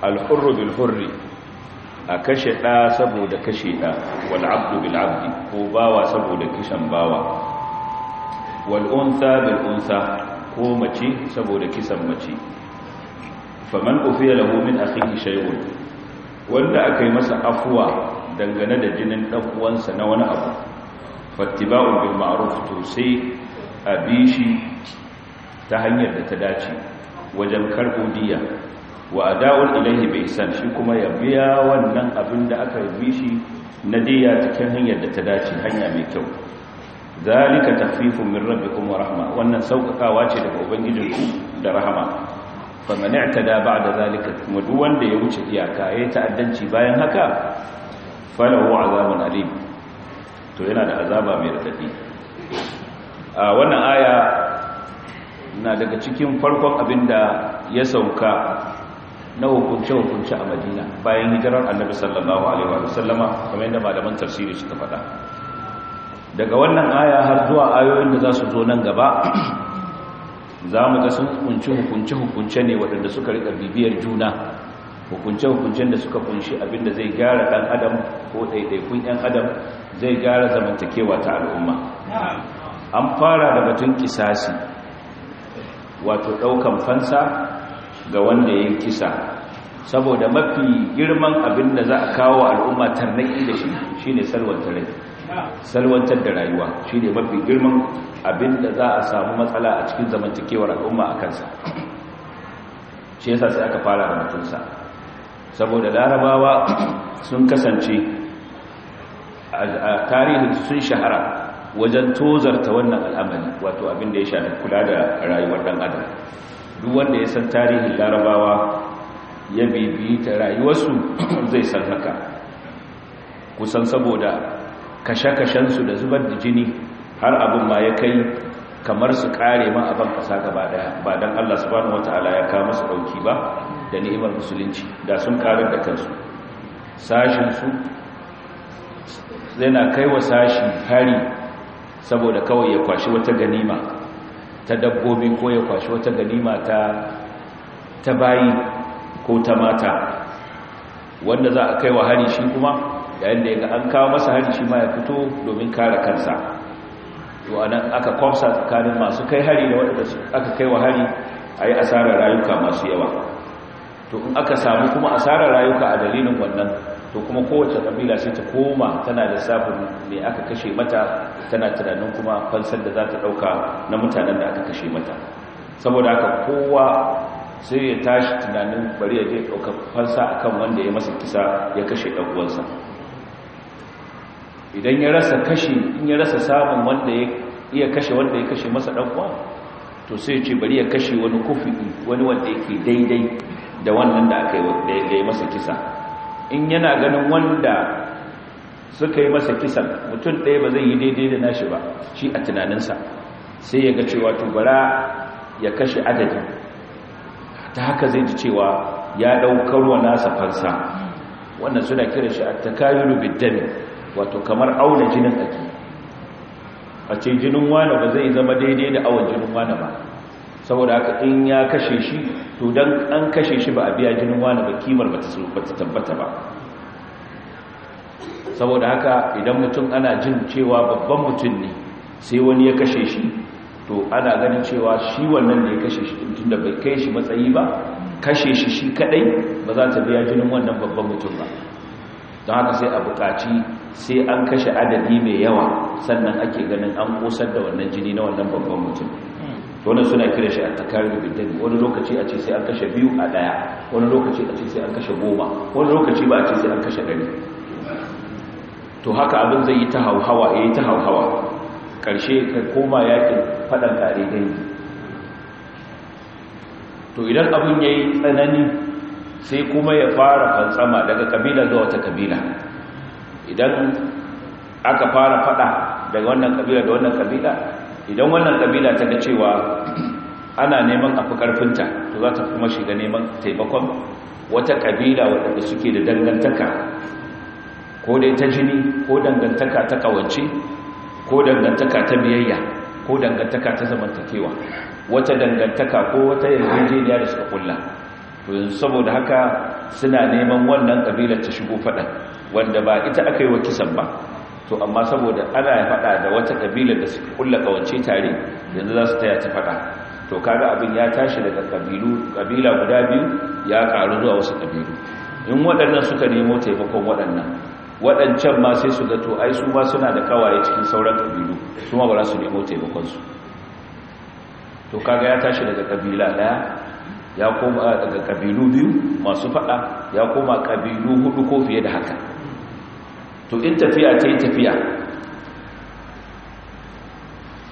alhurru bil hurri a kashe ɗa saboda kashe ɗa wal abdu bil abdi ko bawa saboda kishan bawa wal unsa bil unsa ko mace saboda kisan mace faman ufiya lahu min akhihi shay'un wanda aka yi masa afuwa dangane da jinin dan uwansa na wani abu fattiba'u bil ma'ruf to sai a bishi ta hanyar da ta dace wajen karbo diya wa adawun ilaihi bai san shi kuma ya biya wannan abin da aka yi shi na diya cikin hanyar da ta dace hanya mai kyau zalika tafifu min rabbikum wa rahma wannan saukakawa ce daga ubangijinku da rahama fa man i'tada ba'da zalika kuma duk wanda ya wuce iyaka ya ta'addanci bayan haka falahu azabun alim to yana da azaba mai radadi a wannan aya na daga cikin farkon abinda ya sauka na hukunce-hukunce a madina bayan hijirar annabi sallallahu alaihi wa sallama kamar yadda malaman tafsiri suka faɗa daga wannan aya har zuwa ayoyin da za su zo nan gaba za mu ga sun kunci hukunce-hukunce ne waɗanda suka riƙa bibiyar juna hukunce-hukuncen da suka kunshi abin da zai gyara ɗan adam ko ɗaiɗaikun ‘yan adam zai gyara zamantakewa ta al'umma an fara da batun kisasi wato ɗaukan fansa ga wanda ya kisa saboda mafi girman abin da za a kawo al'umma tarnaki da shi shine salwantar rai salwantar da rayuwa shine mafi girman abin da za a samu matsala a cikin zamantakewar al'umma a kansa shi yasa sai aka fara da mutunsa saboda larabawa sun kasance a tarihin sun shahara wajen tozarta wannan al'amari wato abin da ya shafi kula da rayuwar ɗan adam duk wanda ya san tarihin larabawa ya bibiyi ta rayuwarsu zai san haka kusan saboda kashe-kashensu da zubar da jini har abin ma ya kai kamar su kare ma a kasa gaba daya ba don allah subhanahu wata'ala ya kama su ɗauki ba da ni'imar musulunci da sun karar da kansu sashensu zai na kai wa sashi hari saboda kawai ya kwashi wata ganima ta dabbobi ko ya kwashi wata ganima ta ta bayi ko ta mata wanda za a kai wa hari shi kuma yayin da ya ga an kawo masa hari shi ma ya fito domin kare kansa to anan aka kwamsa tsakanin masu kai hari da waɗanda aka kai wa hari a yi asarar rayuka masu yawa to in aka samu kuma asarar rayuka a dalilin wannan to kuma kowace kabila sai ta koma tana da lissafin mai aka kashe mata tana tunanin kuma fansar da za ta ɗauka na mutanen da aka kashe mata saboda haka kowa sai ya tashi tunanin bari ya je ɗaukar fansa a kan wanda ya masa kisa ya kashe ɗan'uwansa idan ya rasa kashe in ya rasa samun wanda ya iya kashe wanda ya kashe masa ɗaguwa to sai ce bari ya kashe wani kufi wani wanda yake daidai da wannan da aka yi masa kisa in yana ganin wanda suka yi masa kisan mutum ɗaya ba zai yi daidai da nashi ba shi a tunaninsa sai ya ga cewa tubara ya kashe adadin ta haka zai ji cewa ya ɗaukar wa nasa farsa wannan suna kira shi a takayuru biddami wato kamar auna jinin ake a ce jinin wane ba zai zama daidai da awon jinin wane ba saboda haka in ya kashe shi to dan an kashe shi ba a biya jinin wani ba kimar ba ta tabbata ba saboda haka idan mutum ana jin cewa babban mutum ne sai wani ya kashe shi to ana ganin cewa shi wannan da ya kashe shi tun da bai kai shi matsayi ba kashe shi shi kadai ba za ta biya jinin wannan babban mutum ba don haka sai a bukaci sai an kashe adadi mai yawa sannan ake ganin an kosar da wannan jini na wannan babban mutum wannan suna kira shi a takarar bidani wani lokaci a ce sai an kashe biyu a daya wani lokaci a ce sai an kashe goma wani lokaci ba a ce sai an kashe ɗari to haka abin zai yi ta hauhawa ya yi ta hauhawa ƙarshe ka koma yakin faɗan ƙare dangi to idan abin ya yi tsanani sai kuma ya fara fantsama daga kabila zuwa wata kabila idan aka fara faɗa daga wannan kabila da wannan kabila idan wannan kabila ta ga cewa ana neman fi karfinta to za ta kuma shiga neman taimakon wata kabila waɗanda suke da dangantaka ko dai ta jini ko dangantaka ta kawance ko dangantaka ta biyayya ko dangantaka ta zamantakewa wata dangantaka ko wata yarjejeniya da suka kulla to yanzu saboda haka suna neman wannan kabilar ta shigo faɗan wanda ba ita aka yi wa kisan ba to amma saboda ana ya fada da wata kabilar da suka kulla kawance tare yanzu za su taya ta fada to kaga abin ya tashi daga kabilu kabila guda biyu ya karu zuwa wasu kabilu in waɗannan suka nemo taimakon waɗannan waɗancan ma sai su ga to ai su ma suna da kawaye cikin sauran kabilu su ma ba za su nemo su to kaga ya tashi daga kabila ɗaya ya koma daga kabilu biyu masu fada ya koma kabilu hudu ko fiye da haka to in tafiya ta yi tafiya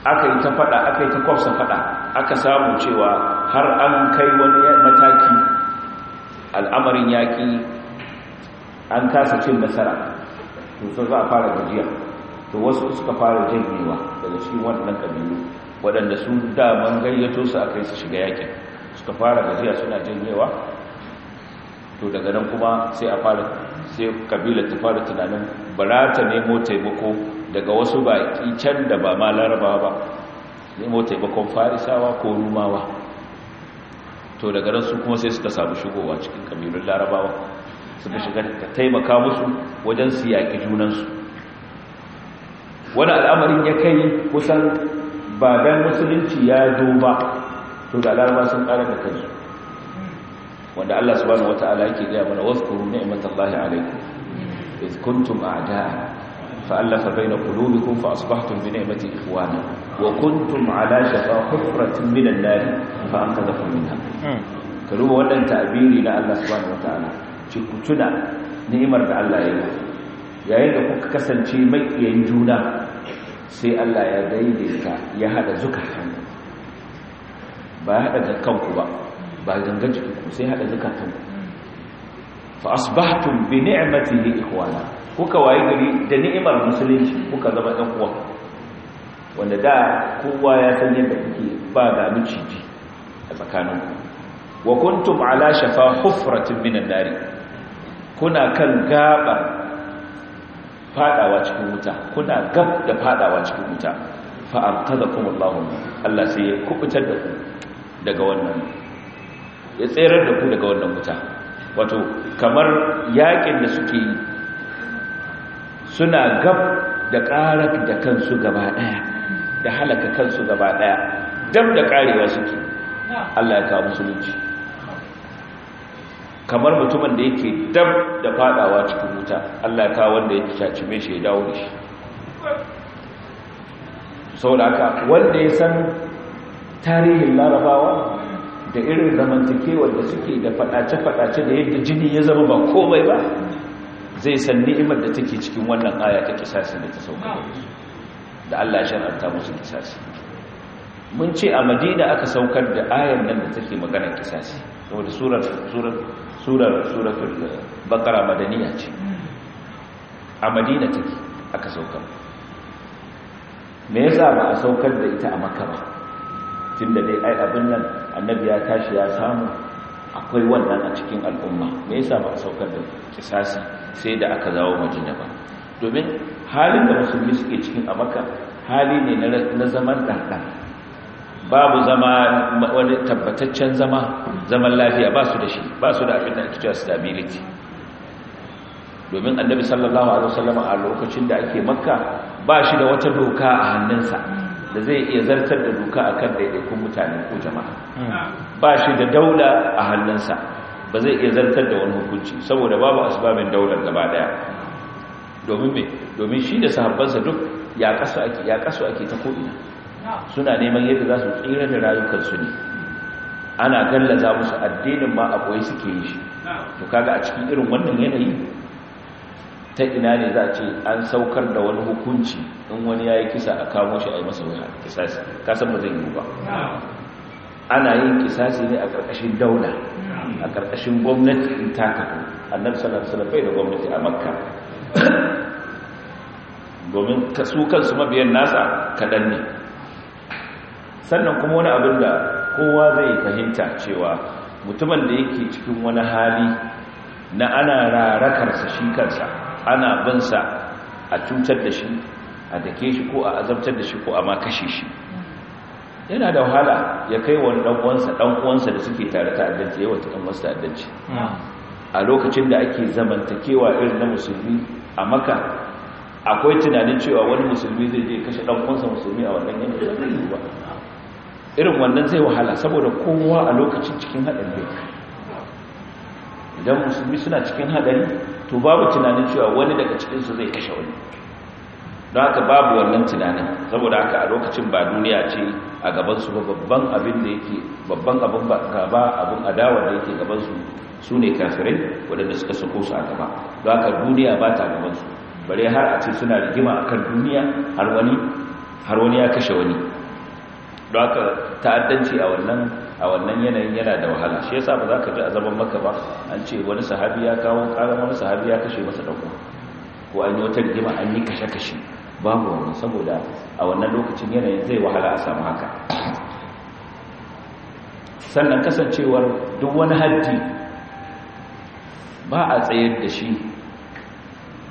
aka yi ta fada aka yi ta kwafsa fada aka samu cewa har an kai wani mataki al'amarin yaƙi an kasa cin nasara to za a fara gajiya to wasu suka fara janyewa daga cikin wannan kabilu waɗanda su daman gayyato su a kai su shiga yakin suka fara gajiya suna janyewa to daga nan kuma sai a fara sai kabila ta fara tunanin bara ta nemo taimako daga wasu baƙi can da ba ma larabawa ba nemo taimakon farisawa ko rumawa to daga nan su kuma sai suka samu shigowa cikin kabilun larabawa suka shiga ka taimaka musu wajen su yaki junansu wani al'amarin ya kai kusan ba don musulunci ya zo ba to da larabawa sun ƙara da kansu wanda Allah subhanahu wataala yake gaya mana wazkuru ni'matallahi alaykum iz kuntum a'da'a fa'alafa baina qulubikum fa asbahtum bi ni'mati ikhwana wa kuntum ala shafa hufratin minan nar fa anqadhakum minha hmm. kaluba wannan ta'biri na Allah subhanahu wataala ci kutuna ni'imar da Allah ya yi yayin da kuka kasance mai yin juna sai Allah ya daidaita ya hada zukatan ba ya hada kanku ba ba gangan sai hada zakatan fa asbahtum bi ni'matihi ikhwana kuka waye gari da ni'imar musulunci kuka zama ɗan uwa wanda da kowa ya san yadda kuke ba da miciji a tsakaninku wa kuntum ala shafa hufratin minan nari kuna kan gaba fadawa cikin wuta kuna gab da fadawa cikin wuta fa anqadhakum Allahu Allah sai ya kubutar da ku daga wannan ya tserar da ku daga wannan wuta wato kamar yakin da suke yi suna gab da karar da kansu gaba daya da halaka kansu gaba daya dab da karewa suke Allah ya kawo musulunci kamar mutumin da yake dab da fadawa cikin wuta Allah ya kawo wanda ya cacime shi ya dawo da shi sau da haka wanda ya san tarihin larabawa da irin zamantakewar da suke da fadace-fadace da yadda jini ya zama ba komai ba zai san ni'imar da take cikin wannan aya ta kisasi da ta sauka da Allah shar'anta musu kisasi mun ce a madina aka saukar da ayar nan da take maganar kisasi saboda surar surar surar suratul baqara madaniya ce a madina take aka saukar me yasa ba a saukar da ita a makka ba tunda dai ai abin nan annabi ya tashi ya samu akwai wannan a cikin al'umma me yasa ba a saukar da kisasi sai da aka zawo majina ba domin halin da musulmi suke cikin a maka hali ne na zaman ɗanɗan babu zama wani tabbataccen zama zaman lafiya ba su da shi ba su da abin da ake cewa stability domin annabi sallallahu alaihi wasallam a lokacin da ake makka ba shi da wata doka a hannunsa da zai iya zartar da duka a kan daidaikun mutane ko jama'a hmm. ba shi da daula a hannunsa ba zai iya zartar da wani hukunci saboda babu asibabin daular gaba daya domin me domin shi da sahabbansa duk ya kasu ake ya kasu ake ta ko'ina suna neman yadda za su tsira da rayukansu ne ana gallaza musu addinin ma a koyi suke yi shi to kaga a cikin irin wannan yanayi ta ina ne za a ce an saukar da wani hukunci in wani ya yi kisa a kawo shi a yi masa wani kisasi kasan ba zai yi ba ana yin kisasi ne a ƙarƙashin daula a ƙarƙashin gwamnati in taka annabi sallallahu alaihi wasallam bai da gwamnati a makka domin su kansu mabiyan nasa kaɗan ne sannan kuma wani abin da kowa zai fahimta cewa mutumin da yake cikin wani hali na ana rarakarsa shi kansa ana binsa a cutar da shi a dake shi ko a azabtar da shi ko a ma kashe shi yana da wahala ya kai wani ɗan'uwansa ɗan'uwansa da suke tare ta'addanci yawa ta ɗan'uwansa ta'addanci a lokacin da ake zamantakewa irin na musulmi a maka akwai tunanin cewa wani musulmi zai je kashe ɗan'uwansa musulmi a wannan da zai yi ba irin wannan zai wahala saboda kowa a lokacin cikin haɗin bai idan musulmi suna cikin haɗari to babu tunanin cewa wani daga cikinsu zai kashe wani don haka babu wannan tunanin saboda haka a lokacin ba duniya ce a gabansu ba babban abin da yake babban abin gaba abin adawar da yake gabansu su ne kafirai waɗanda suka sako su a gaba don haka duniya ba ta gabansu bare har a ce suna rigima a kan duniya har wani ya kashe wani don haka ta'addanci a wannan a wannan yanayin yana da wahala shi yasa ba za ka ji a zaman maka ba an ce wani sahabi ya kawo ƙara wani sahabi ya kashe masa ɗauko. ko an yi wata rigima an yi kashe-kashe babu wani saboda a wannan lokacin yanayin zai wahala a samu haka sannan kasancewar duk wani haddi ba a tsayar da shi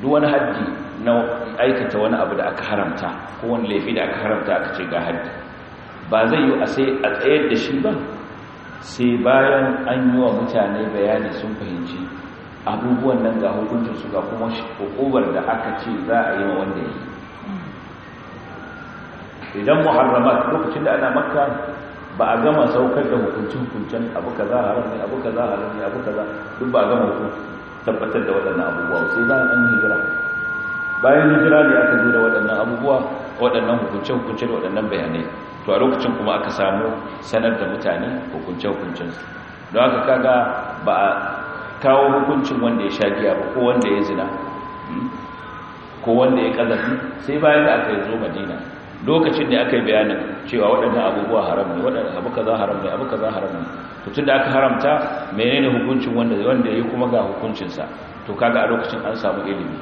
duk wani haddi na aikata wani abu da aka haramta ko wani laifi da aka haramta aka ce ga haddi ba zai yi a tsayar da shi ba sai bayan an yi wa mutane bayani sun fahimci abubuwan nan ga hukuntarsu ga kuma hukubar da aka ce za a yi wa wanda ya yi idan muharramat lokacin da ana makka ba a gama saukar da hukuncin hukuncin abu ka za haram ne abu ka za haram ne abu ka za duk ba a gama hukun tabbatar da waɗannan abubuwa sai za an hijira bayan hijira ne aka zo da waɗannan abubuwa waɗannan hukuncin-hukuncin, waɗannan bayanai to a lokacin kuma aka samu sanar da mutane hukunce-hukuncensu don haka kaga ba a kawo hukuncin wanda ya sha giya ba ko wanda ya zina hmm, ko wanda ya kazafi sai bayan da aka yi zo madina lokacin da aka yi bayanin cewa waɗannan abubuwa haram ne waɗanda abu za haram ne abu za haram ne to da aka haramta menene hukuncin wanda ya yi kuma ga hukuncinsa? to kaga a lokacin an samu ilimi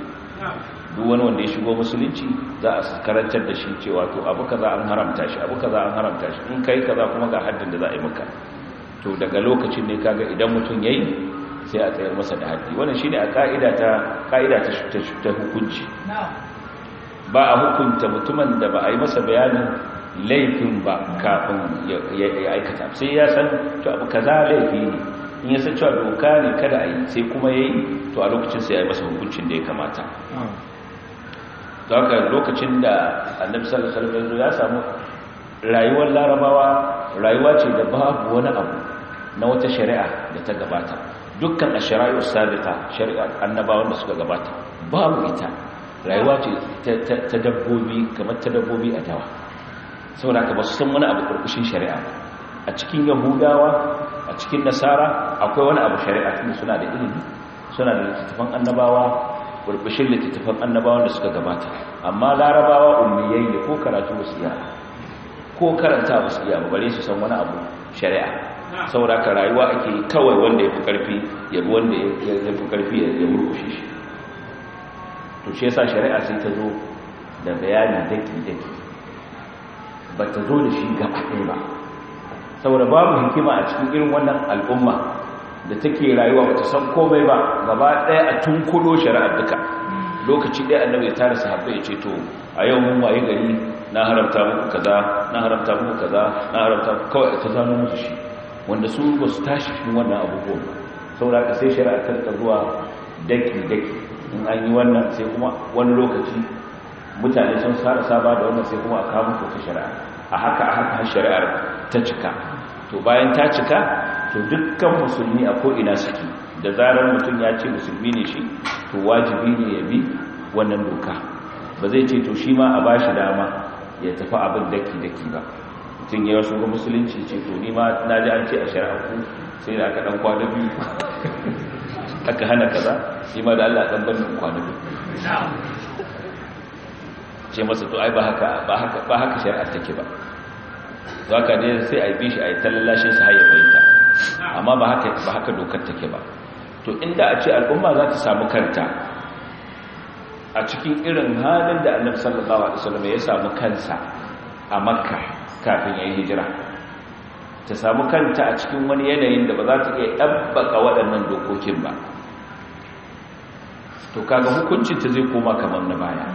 duk wani wanda ya shigo musulunci za a karantar da shi cewa to abu kaza an haramta shi abu kaza an haramta shi in kai kaza kuma ga haddin da za a yi maka to daga lokacin ne kaga idan mutum yayi sai a tsayar masa da haddi wannan shine a kaida ta kaida ta ta hukunci ba a hukunta mutumin da ba a yi masa bayanin laifin ba kafin ya aikata sai ya san to abu kaza laifi ne in ya san cewa doka ne kada a yi sai kuma yayi to a lokacin sai a yi masa hukuncin da ya kamata don haka lokacin da annabi sallallahu alaihi wasallam ya samu rayuwar larabawa rayuwa ce da babu wani abu na wata shari'a da ta gabata dukkan ashari'u sabiqa shari'a annabawan da suka gabata babu ita rayuwa ce ta dabbobi kamar ta dabbobi a dawa saboda haka ba su san wani abu kurkushin shari'a a cikin yahudawa a cikin nasara akwai wani abu shari'a tun suna da ilimi suna da littattafan annabawa burbushin littattafan annabawan da suka gabata amma larabawa ummiyayya, ko karatu musu ko karanta musu iya bare su san wani abu shari'a saboda ka rayuwa ake kawai wanda ya fi karfi ya bi wanda ya fi karfi ya murkushe shi to shi yasa shari'a sai ta zo da bayani daki daki ba ta zo da shi gaba ɗaya ba saboda babu hikima a cikin irin wannan al'umma da take rayuwa ba ta san komai ba gaba ɗaya a tun kudo shari'ar duka lokaci ɗaya annabi ya tara sahabbai ya ce to a yau mun waye gari na haramta muku kaza na haramta muku kaza na haramta kawai ta zama musu shi wanda su ba su tashi cikin wannan abubuwan ba saboda ka sai shari'a ta ta zuwa daki daki in an yi wannan sai kuma wani lokaci mutane sun saba saba da wannan sai kuma a kawo muku ta shari'a a haka a haka shari'ar ta cika to bayan ta cika to dukkan musulmi a ko'ina suke da zarar mutum ya ce musulmi ne shi to wajibi ne ya bi wannan doka ba zai ce to shi ma a ba shi dama ya tafi abin daki-daki ba mutum ya wasu ga musulunci ce to ni ma na ji an ce a shari'a ku sai da aka dan kwana biyu aka hana kaza shi ma da Allah dan ban kwana biyu ce masa to ai ba haka ba haka ba haka shari'ar take ba zaka ne sai a bi shi a yi tallashin sa har ya amma ba haka ba haka dokar take ba to inda a ce al'umma za ta samu kanta a cikin irin halin da annabi sallallahu alaihi wasallam ya samu kansa a makka kafin ya yi hijira ta samu kanta a cikin wani yanayin da ba za ta iya dabbaka waɗannan dokokin ba to kaga hukuncin ta zai koma kamar na baya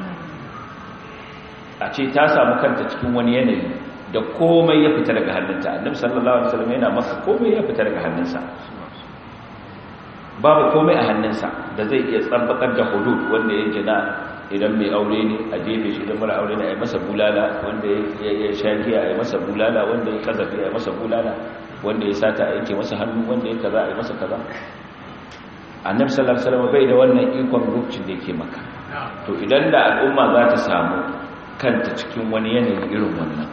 a ce ta samu kanta cikin wani yanayi da komai ya fita daga hannunta annabi sallallahu alaihi wasallam yana masa komai ya fita daga hannunsa babu komai a hannunsa da zai iya tsabbatar da hudud wanda yake na idan mai aure ne a jefe shi idan mara aure ne a yi masa bulala wanda ya shagiya a yi masa bulala wanda ya kazafi a yi masa bulala wanda ya sata a yanke masa hannu wanda ya kaza a yi masa kaza annabi sallallahu alaihi wasallam bai da wannan ikon lokacin da yake maka to idan da al'umma za ta samu kanta cikin wani yanayi irin wannan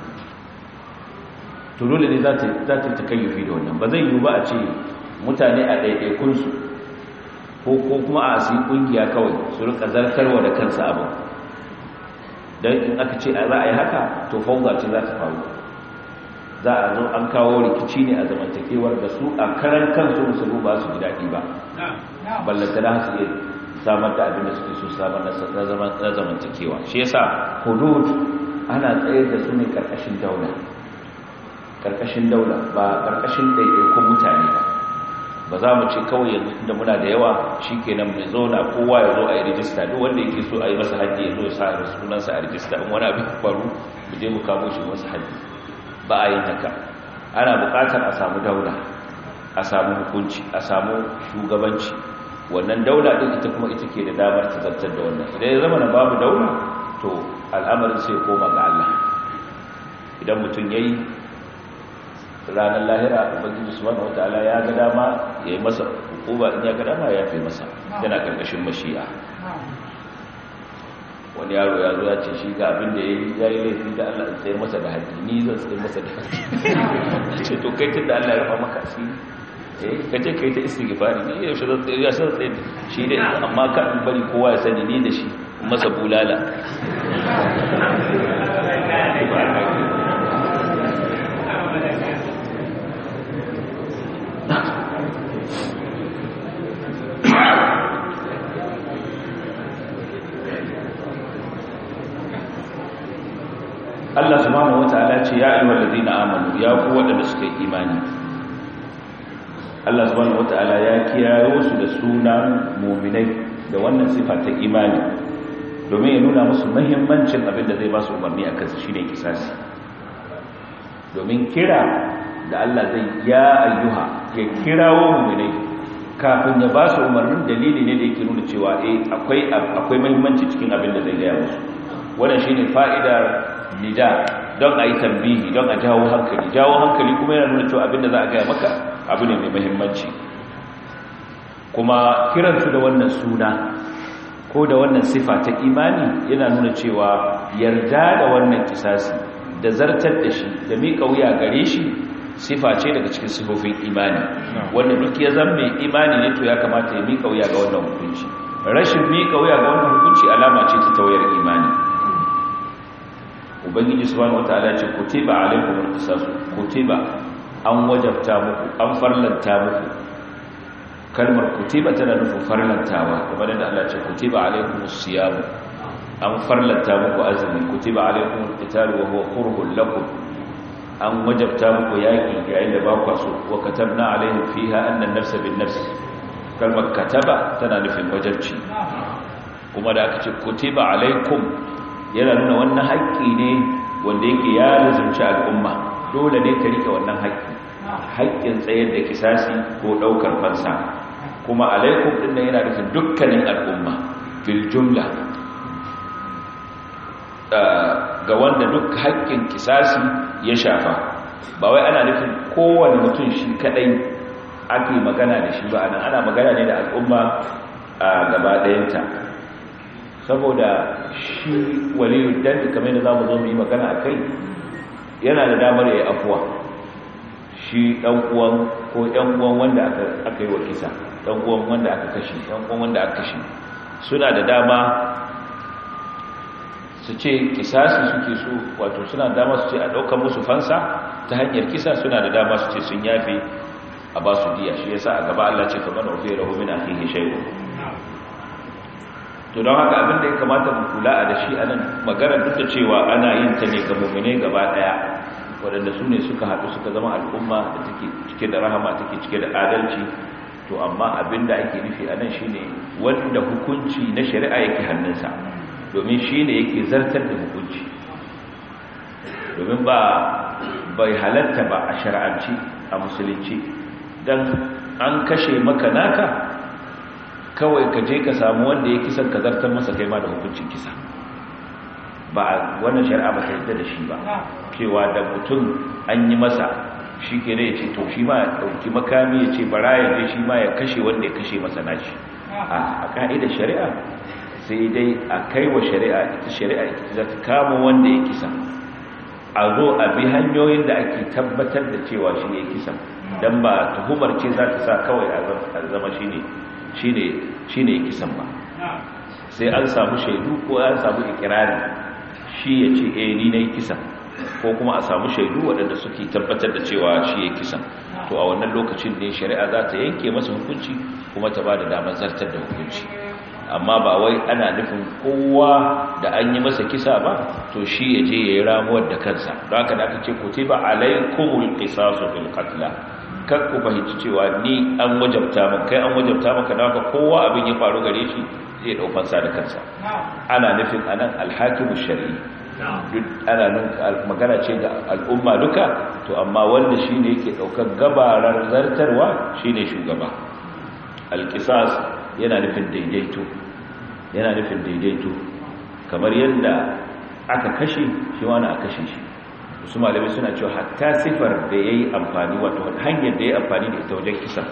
to dole ne za ta ta takayyufi da wannan ba zai yi ba a ce mutane a ɗaiɗaikunsu ko kuma a su yi ƙungiya kawai su rika zartarwa da kansa abin don in aka ce a za a yi haka to fauza ce za ta faru za a zo an kawo rikici ne a zamantakewar da su a karan kansu musulmi ba su ji daɗi ba ballanta na su iya samar da abin da suke so samar na zamantakewa shi yasa hudud ana tsayar da su ne ƙarƙashin daula karkashin daula ba karkashin ɗaiɗaikun mutane ba ba za mu ce kawai yanzu inda muna da yawa shi kenan mai zauna kowa ya zo a yi rijista duk wanda yake so a yi masa hajji ya zo ya sa sunansa a rijista in wani abin faru mu je mu kamo shi masa hajji ba a yin haka ana buƙatar a samu daula a samu hukunci a samu shugabanci wannan daula ɗin ita kuma ita ke da damar ta zartar da wannan idan ya zama na babu daula to al'amarin sai koma ga Allah idan mutum ya yi ranar lahira ubangiji wata ala ya ga dama ya yi masa hukuba in ya ga dama ya fi masa yana karkashin mashiya. wani yaro ya zo ya ce shi ga abin da ya yi laifi da Allah sai masa da haji ni zan sai masa da haƙi ce to kai tunda da Allah ya rufa maka su? eh ka ce kai ta gifari ne ya shirar tsaye ya san tsaye shi da amma ka bari kowa ya sani ni da shi masa bulala subhanahu wataala ce ya ayyuhal ladina amanu ya ku wadanda suka yi imani Allah subhanahu wataala ya kiyaye su da suna mu'minai da wannan sifa ta imani domin ya nuna musu muhimmancin abin da zai ba su umarni a kansu shine kisasi domin kira da Allah zai ya ayyuha ya kirawo mu'minai kafin ya ba su umarnin dalili ne da yake nuna cewa eh akwai akwai muhimmanci cikin abin da zai gaya musu wannan shine fa'idar nida don a yi tambihi don a jawo hankali jawo hankali kuma yana nuna cewa abinda za a gaya maka abu ne mai mahimmanci kuma kiransu da wannan suna ko da wannan sifa ta imani yana nuna cewa yarda da wannan kisasi da zartar da shi da miƙa wuya gare shi sifa ce daga cikin sifofin imani wanda duk ya mai imani ne to ya kamata ya miƙa wuya ga wannan hukunci rashin miƙa wuya ga wannan hukunci alama ce ta tawayar imani ubangiji subhanahu wataala ce kutiba alaikum al-qisas kutiba an wajabta muku an farlanta muku kalmar kutiba tana nufin farlantawa kamar da Allah ce kutiba alaikum as-siyam an farlanta muku azumi kutiba alaikum al-qital wa huwa kurhun lakum an wajabta muku yaki yayin da ba ku so wa katabna alaihim fiha anna an-nafsa bin-nafs kalmar kataba tana nufin wajabci kuma da aka ce kutiba alaikum yana nuna wannan haƙƙi ne wanda yake ya lazumci al'umma dole ne ta rike wannan haƙƙi haƙƙin tsayar da kisasi ko ɗaukar fansa kuma alaikum ɗin nan yana rikin dukkanin al'umma fil jumla ga wanda duk haƙƙin kisasi ya shafa ba wai ana nufin kowane mutum shi kaɗai ake magana da shi ba ana magana ne da al'umma a gaba ɗayanta saboda shi waliyu dandi kamar da za mu zo mu yi magana a kai yana da damar ya yi afuwa shi ɗan'uwan ko ɗan'uwan wanda aka yi wa kisa ɗan'uwan wanda aka kashi ɗan'uwan wanda aka kashe suna da dama su ce su suke so wato suna da dama su ce a ɗaukar musu fansa ta hanyar kisa suna da dama su ce sun yafe a ba su diya shi yasa a gaba Allah ce kamar ofe rahu mina hihe shaiwa to don haka abin da ya kamata mu kula a da shi nan, magana duk da cewa ana yin ta ne ga mummune gaba daya waɗanda su ne suka haɗu suka zama al'umma da take cike da rahama take cike da adalci to amma abin da ake nufi a nan shine wanda hukunci na shari'a yake hannunsa domin shine yake zartar da hukunci domin ba bai halatta ba a shari'anci a musulunci dan an kashe maka naka kawai ka je ka samu wanda ya kisan ka zartar masa kai ma da hukuncin kisa ba a wannan shari'a ba ta yadda da shi ba cewa da mutum an yi masa shi ke ne ya ce to shi ma ya ɗauki makami ya ce bara ya je shi ma ya kashe wanda ya kashe masa nashi a ka'idar shari'a sai dai a kai wa shari'a ita shari'a ita za ta kama wanda ya kisa a zo a bi hanyoyin da ake tabbatar da cewa shi ne kisa don ba tuhumar ce za ta sa kawai a zama shi ne Shi ne kisan ba sai an samu shaidu ko an samu ikirari shi ya ce eh ni kisan ko kuma a samu shaidu waɗanda suke tabbatar da cewa shi ya kisan to a wannan lokacin ne shari'a za ta yanke masa hukunci kuma ta ba da damar zartar da hukunci amma ba wai ana nufin kowa da an yi masa kisa ba to shi ya je ya yi ramuwar da kansa don haka da aka ce ku ce ba alaikumul qisasu bil qatla kar ku fahimci cewa ni an wajabta min kai an wajabta maka na ka kowa abin ya faru gare shi zai daukan sa da kansa ana nufin anan alhakimu shar'i duk ana nan magana ce ga al'umma duka to amma wanda shine yake daukar gabarar zartarwa shine shugaba alqisas yana nufin daidaito yana nufin daidaito kamar yadda aka kashe shi wani a kashe shi su malamai suna cewa hatta sifar da ya yi amfani wato hanyar da ya yi amfani da ita wajen kisa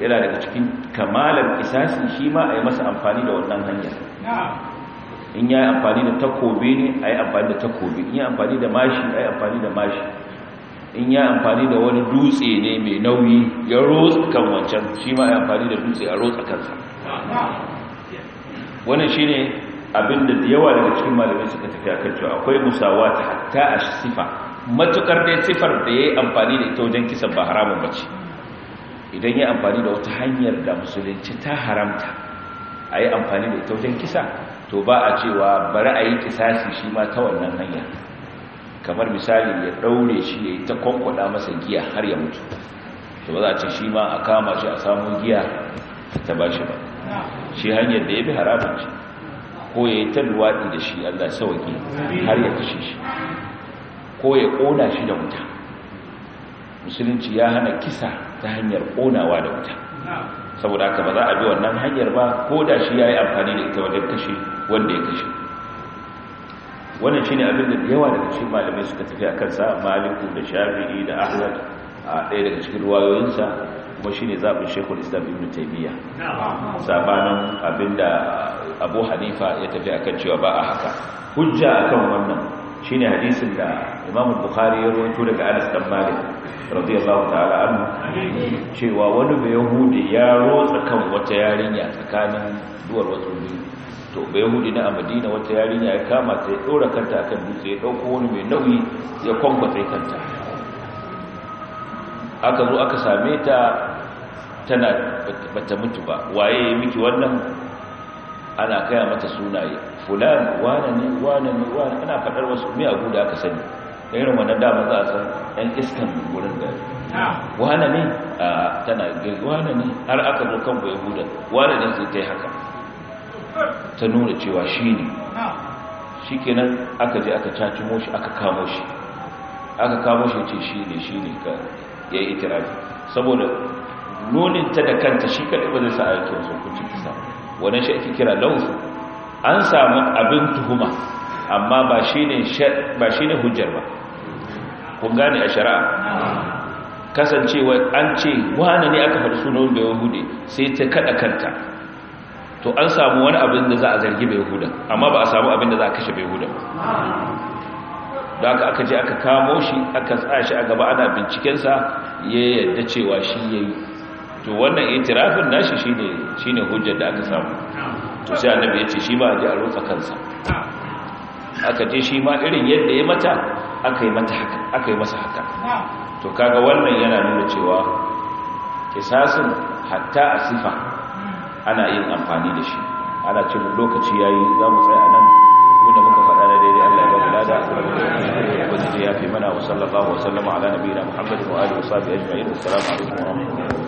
yana daga cikin kamalar kisasi shi ma a yi masa amfani da wannan hanyar in ya yi amfani da takobi ne a yi amfani da takobi in ya amfani da mashi a yi amfani da mashi in ya amfani da wani dutse ne mai nauyi ya rotsa kan wancan shi ma yi amfani da dutse a rotsa kansa wannan shi ne abinda da yawa daga cikin malamai suka tafi akan cewa akwai musawa ta hatta a sifa matukar dai sifar da yayi amfani da ita wajen kisan ba haramun bace idan yayi amfani da wata hanyar da musulunci ta haramta ayi amfani da ita wajen kisa to ba a cewa bari a yi kisasi shi ma ta wannan hanya kamar misali ya daure shi ya yi ta kwankwada masa giya har ya mutu to ba za a ce shi ma a kama shi a samun giya ta bashi ba shi hanyar da ya bi haramun shi ko ya yi ta luwaɗi da shi allah sauƙi har ya kashe shi ko ya ƙona shi da wuta musulunci ya hana kisa ta hanyar ƙonawa da wuta saboda haka ba za a bi wannan hanyar ba ko da shi ya yi amfani da ita wajen kashe wanda ya kashe wannan shi ne abin da yawa daga cikin malamai suka tafi a kansa maliku da shafi'i da ahmad a ɗaya daga cikin ruwayoyinsa kuma shine zabin shekul islam ibn taymiya sabanin abinda abu hanifa ya tafi akan cewa ba a haka hujja akan wannan shine hadisin da imam bukhari ya rawaito daga anas dan malik radiyallahu ta'ala anhu cewa wani bai yahudi ya rotsa kan wata yarinya tsakanin duwar wasu biyu to bai yahudi na a madina wata yarinya ya kama ta ya ɗora kanta kan dutse ya ɗauko wani mai nauyi ya kwankwata kanta aka zo aka same ta tana bata mutu ba waye miki wannan ana kaya mata sunaye fulan wane ne wane ne wane ana fadar wasu abu da aka sani irin wannan dama za a san ɗan iskan wurin da wane ne tana tana wane ne har aka zo kan bai huda wane ne sai ta yi haka ta nuna cewa shi ne shi kenan aka je aka cacimo moshi aka kamo shi aka kamo shi ce shi ne shi ne ka ya yi itirafi saboda nuninta da kanta shi kaɗai ba zai sa aikin hukuncin kisa Wani shi ake kira lausu an samu abin tuhuma amma ba shi ne hujjar ba kun gane a shari'a kasancewa an ce wani ne aka faɗi sunan bai hude sai ta kaɗa kanta to an samu wani abin da za a zargi bai hudan amma ba a samu abin da za a kashe bai hudan da aka aka je aka kamo shi aka tsashi a gaba ana bincikensa ya yadda cewa shi ya yi to wannan itirafin nashi shine shine hujjar da aka samu to sai annabi ya ce shi ba a ji a rotsa kansa aka je shi ma irin yadda ya mata aka yi mata haka aka yi masa haka to kaga wannan yana nuna cewa kisasin hatta a sifa ana yin amfani da shi ana ce lokaci yayi za mu tsaya nan wanda muka faɗa na daidai Allah ya bada lada wanda ya fi mana wa sallallahu wa sallama ala nabiyina muhammadin wa alihi wa sahbihi ajma'in assalamu alaikum wa rahmatullahi